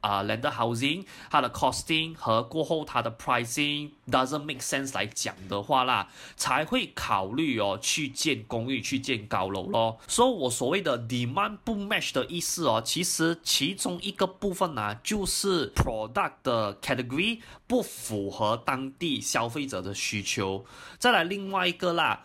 啊，landed housing，它的 costing 和過後它的 pricing doesn't make sense 來講的話啦，才會考慮哦去建公寓去建高樓咯。所以我所謂的 demand 不 match 的意思哦，其實其中一個部分呢，就是 product 的 category 不符合當地消費者的需求。再來另外一個啦。